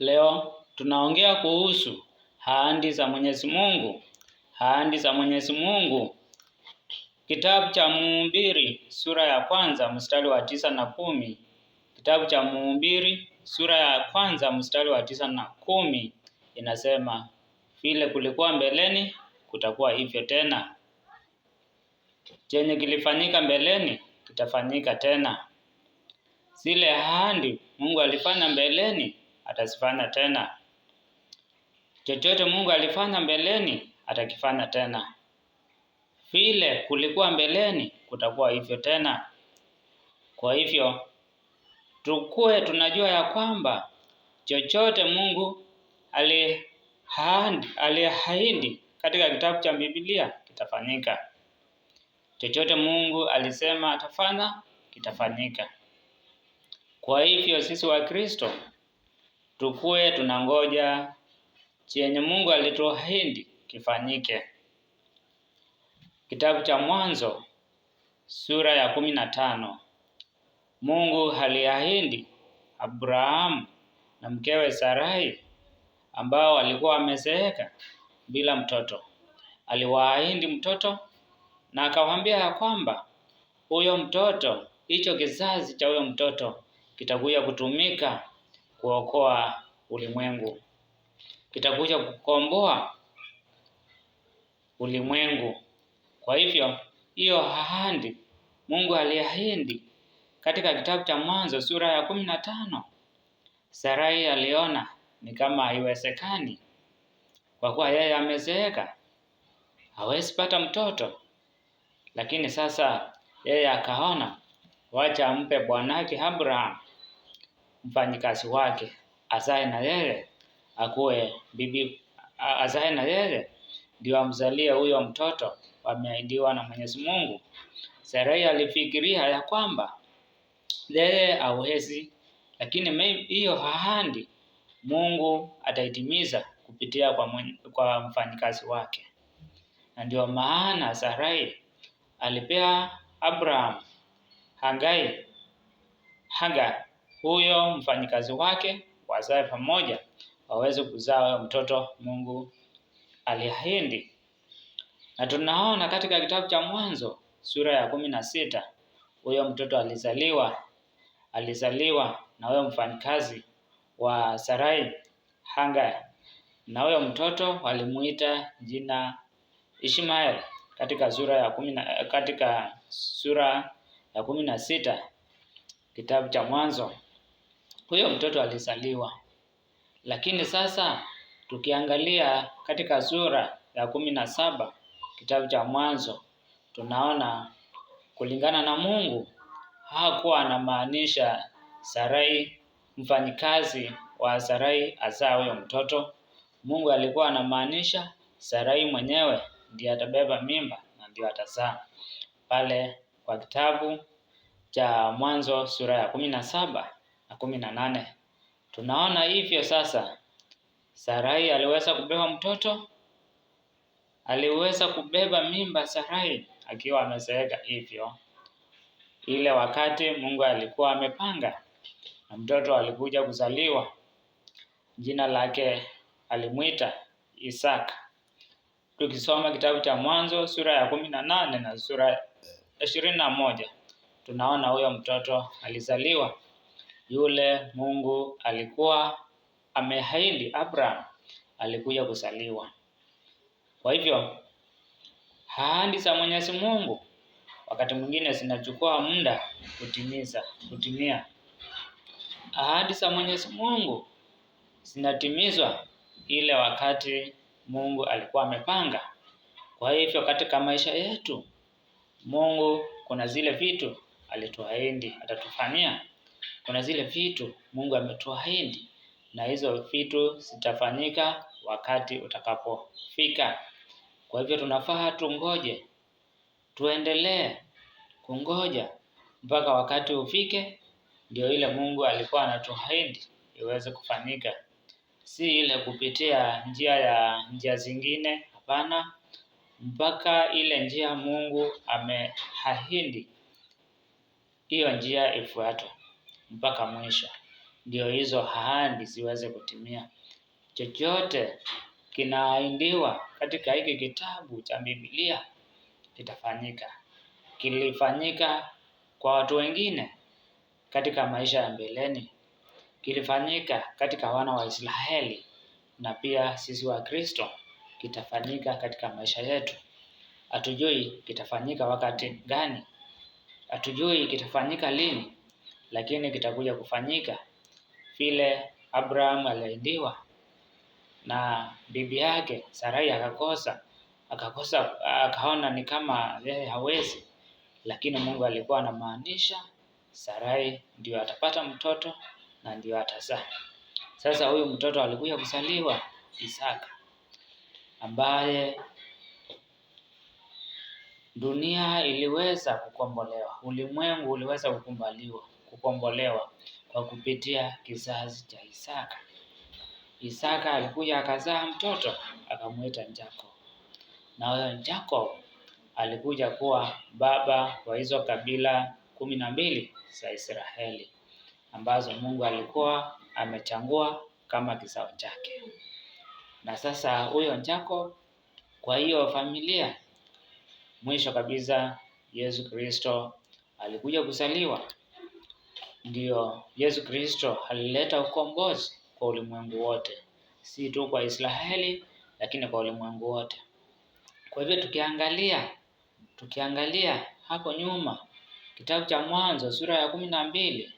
Leo tunaongea kuhusu ahadi za Mwenyezi Mungu. Ahadi za Mwenyezi Mungu, kitabu cha Mhubiri sura ya kwanza mstari wa tisa na kumi. Kitabu cha Mhubiri sura ya kwanza mstari wa tisa na kumi inasema, vile kulikuwa mbeleni kutakuwa hivyo tena, chenye kilifanyika mbeleni kitafanyika tena. Zile ahadi Mungu alifanya mbeleni atazifanya tena. Chochote Mungu alifanya mbeleni atakifanya tena. Vile kulikuwa mbeleni, kutakuwa hivyo tena. Kwa hivyo tukue tunajua ya kwamba chochote Mungu aliahidi katika kitabu cha Biblia kitafanyika. Chochote Mungu alisema atafanya kitafanyika. Kwa hivyo sisi wa Kristo tukue tunangoja chenye Mungu alituahidi kifanyike. Kitabu cha Mwanzo sura ya kumi na tano. Mungu aliahidi Abrahamu na mkewe Sarai ambao walikuwa wamezeeka bila mtoto, aliwaahidi mtoto na akawaambia ya kwamba huyo mtoto, hicho kizazi cha huyo mtoto kitakuja kutumika kuokoa ulimwengu, kitakuja kukomboa ulimwengu. Kwa hivyo hiyo ahadi Mungu aliahidi katika kitabu cha Mwanzo sura ya kumi na tano, Sarai aliona ni kama haiwezekani, kwa kuwa yeye amezeeka, hawezi pata mtoto. Lakini sasa yeye akaona, wacha ampe bwanake Abraham mfanyikazi wake azae na yeye akuwe bibi, azae na yeye ndio amzalie huyo mtoto wameahidiwa na Mwenyezi Mungu. Sarai alifikiria ya kwamba yeye auhezi, lakini hiyo ahadi Mungu ataitimiza kupitia kwa, mwenye, kwa mfanyikazi wake, na ndio maana Sarai alipea Abraham Hagai Hagar huyo mfanyikazi wake wazae pamoja waweze kuzaa mtoto Mungu aliahidi. Na tunaona katika kitabu cha Mwanzo sura ya kumi na sita huyo mtoto alizaliwa, alizaliwa na huyo mfanyikazi wa Sarai hanga na huyo mtoto walimuita jina Ishmael katika sura ya kumi na, katika sura ya kumi na sita kitabu cha Mwanzo huyo mtoto alizaliwa. Lakini sasa tukiangalia katika sura ya kumi na saba kitabu cha Mwanzo, tunaona kulingana na Mungu hakuwa anamaanisha Sarai mfanyikazi wa Sarai azaa huyo mtoto. Mungu alikuwa anamaanisha Sarai mwenyewe ndiye atabeba mimba na ndio atazaa. Pale kwa kitabu cha Mwanzo sura ya kumi na saba na kumi na nane. Tunaona hivyo sasa, Sarai aliweza kubeba mtoto, aliweza kubeba mimba Sarai akiwa amezeeka hivyo, ile wakati Mungu alikuwa amepanga, na mtoto alikuja kuzaliwa, jina lake alimwita Isaka. Tukisoma kitabu cha Mwanzo sura ya kumi na nane na sura ishirini na moja tunaona huyo mtoto alizaliwa yule Mungu alikuwa ameahidi Abraham alikuja kuzaliwa. Kwa hivyo ahadi za Mwenyezi Mungu wakati mwingine zinachukua muda kutimiza kutimia. Ahadi za Mwenyezi Mungu zinatimizwa ile wakati Mungu alikuwa amepanga. Kwa hivyo katika maisha yetu Mungu kuna zile vitu alituahidi atatufanyia kuna zile vitu Mungu ametuahidi na hizo vitu zitafanyika wakati utakapofika. Kwa hivyo tunafaa tungoje, tuendelee kungoja mpaka wakati ufike, ndio ile Mungu alikuwa anatuahidi iweze kufanyika. Si ile kupitia njia ya njia zingine, hapana, mpaka ile njia Mungu ameahidi, hiyo njia ifuatwe mpaka mwisho, ndio hizo ahadi ziweze kutimia. Chochote kinaahidiwa katika hiki kitabu cha Biblia kitafanyika. Kilifanyika kwa watu wengine katika maisha ya mbeleni, kilifanyika katika wana wa Israeli, na pia sisi wa Kristo kitafanyika katika maisha yetu. Hatujui kitafanyika wakati gani, hatujui kitafanyika lini, lakini kitakuja kufanyika vile Abraham aliahidiwa na bibi yake Sarai akakosa akakosa akaona ni kama yeye hawezi, lakini Mungu alikuwa anamaanisha Sarai ndio atapata mtoto na ndio atazaa. Sasa huyu mtoto alikuja kuzaliwa Isaka, ambaye dunia iliweza kukombolewa, ulimwengu uliweza kukumbaliwa kukombolewa kwa kupitia kizazi cha Isaka. Isaka alikuja akazaa mtoto akamwita Jacob, na huyo Jacob alikuja kuwa baba wa hizo kabila kumi na mbili za Israeli ambazo Mungu alikuwa amechangua kama kizao chake. Na sasa huyo Jacob, kwa hiyo familia, mwisho kabisa Yesu Kristo alikuja kuzaliwa Ndiyo, Yesu Kristo alileta ukombozi kwa ulimwengu wote, si tu kwa Israeli, lakini kwa ulimwengu wote. Kwa hivyo tukiangalia tukiangalia hapo nyuma, kitabu cha Mwanzo sura ya kumi na mbili,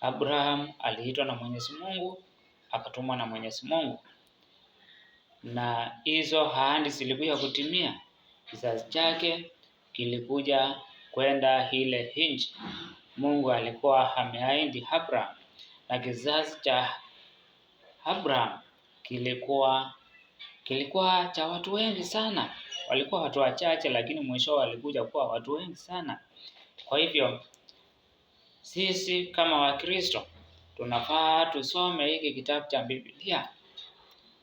Abraham aliitwa na Mwenyezi Mungu, akatumwa na Mwenyezi Mungu, na hizo ahadi zilikuja kutimia. Kizazi chake kilikuja kwenda ile nchi. Mungu alikuwa ameahidi Abraham na kizazi cha Abraham kilikuwa kilikuwa cha watu wengi sana. Walikuwa watu wachache, lakini mwisho walikuja kuwa watu wengi sana. Kwa hivyo sisi kama Wakristo tunafaa tusome hiki kitabu cha Biblia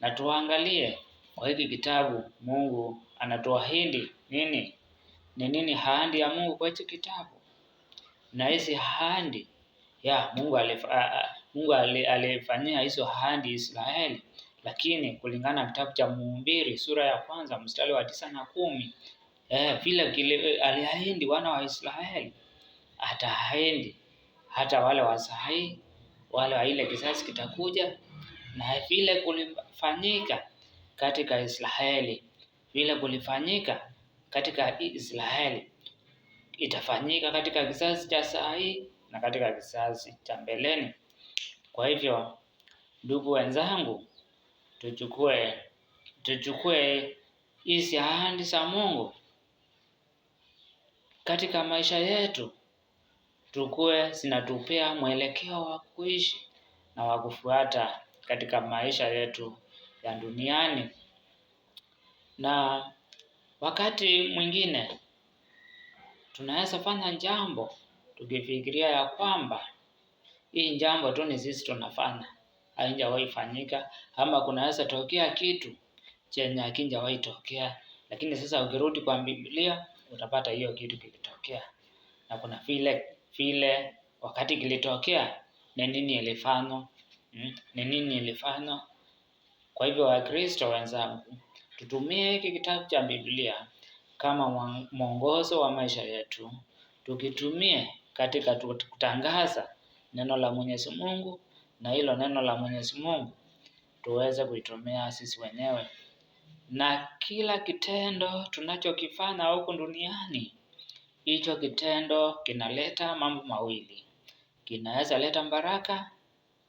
na tuangalie kwa hiki kitabu Mungu anatuahidi nini, ni nini ahadi ya Mungu kwa hiki kitabu na hizi handi ya Mungu Mungu alifanyia hizo handi Israeli, lakini kulingana na kitabu cha Mhubiri sura ya kwanza mstari wa tisa na kumi eh, vile kile aliahidi wana wa Israeli ataahidi hata wale wa sahi wale wa ile kisasi kitakuja, na vile kulifanyika katika Israeli, vile kulifanyika katika Israeli itafanyika katika kizazi cha saa hii na katika kizazi cha mbeleni. Kwa hivyo, ndugu wenzangu, tuchukue tuchukue hizi ahadi za Mungu katika maisha yetu, tukue zinatupea mwelekeo wa kuishi na wa kufuata katika maisha yetu ya duniani. Na wakati mwingine tunaweza fanya jambo tukifikiria ya kwamba hii jambo tu ni sisi tunafanya, haijawahi fanyika, ama kunaweza tokea kitu chenye hakijawahi tokea, lakini sasa ukirudi kwa Biblia utapata hiyo kitu kilitokea, na kuna vile vile wakati kilitokea na nini ilifanywa, hmm, ni nini ilifanywa. Kwa hivyo Wakristo wenzangu, tutumie hiki kitabu cha Biblia kama mwongozo wa maisha yetu, tukitumie katika kutangaza neno la Mwenyezi Mungu, na hilo neno la Mwenyezi Mungu tuweze kuitumia sisi wenyewe, na kila kitendo tunachokifanya huku duniani, hicho kitendo kinaleta mambo mawili, kinaweza leta baraka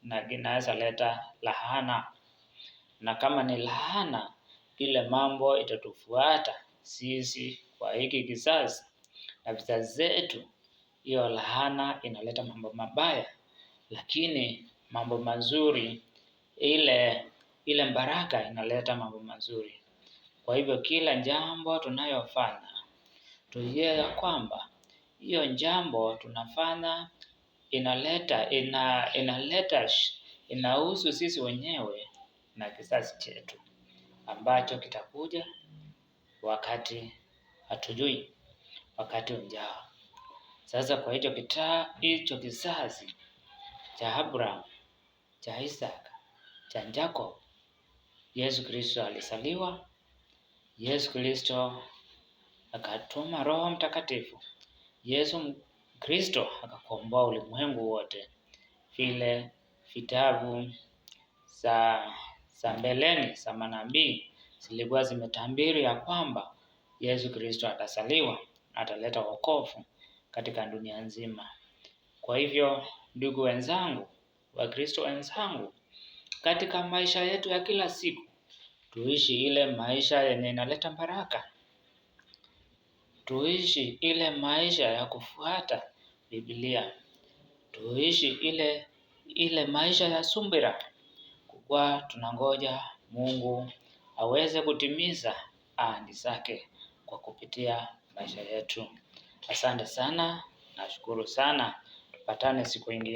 na kinaweza leta laana, na kama ni laana, ile mambo itatufuata sisi kwa hiki kizazi na vizazi zetu. Hiyo laana inaleta mambo mabaya, lakini mambo mazuri, ile ile baraka inaleta mambo mazuri. Kwa hivyo kila jambo tunayofanya tujue ya kwamba hiyo jambo tunafanya inaleta ina, inaleta inahusu sisi wenyewe na kizazi chetu ambacho kitakuja wakati hatujui, wakati ujao. Sasa kwa hicho kita hicho kizazi cha Abraham cha Isaka cha Jacob, Yesu Kristo alizaliwa. Yesu Kristo akatuma Roho Mtakatifu. Yesu Kristo akakomboa ulimwengu wote, vile vitabu za za mbeleni za manabii zilikuwa zimetambiri ya kwamba Yesu Kristo atazaliwa, ataleta wokovu katika dunia nzima. Kwa hivyo, ndugu wenzangu, Wakristo wenzangu, katika maisha yetu ya kila siku tuishi ile maisha yenye inaleta baraka, tuishi ile maisha ya kufuata Biblia, tuishi ile ile maisha ya sumbira kwa tunangoja Mungu aweze kutimiza ahadi zake kwa kupitia maisha yetu. Asante sana, nashukuru sana, tupatane siku ingine.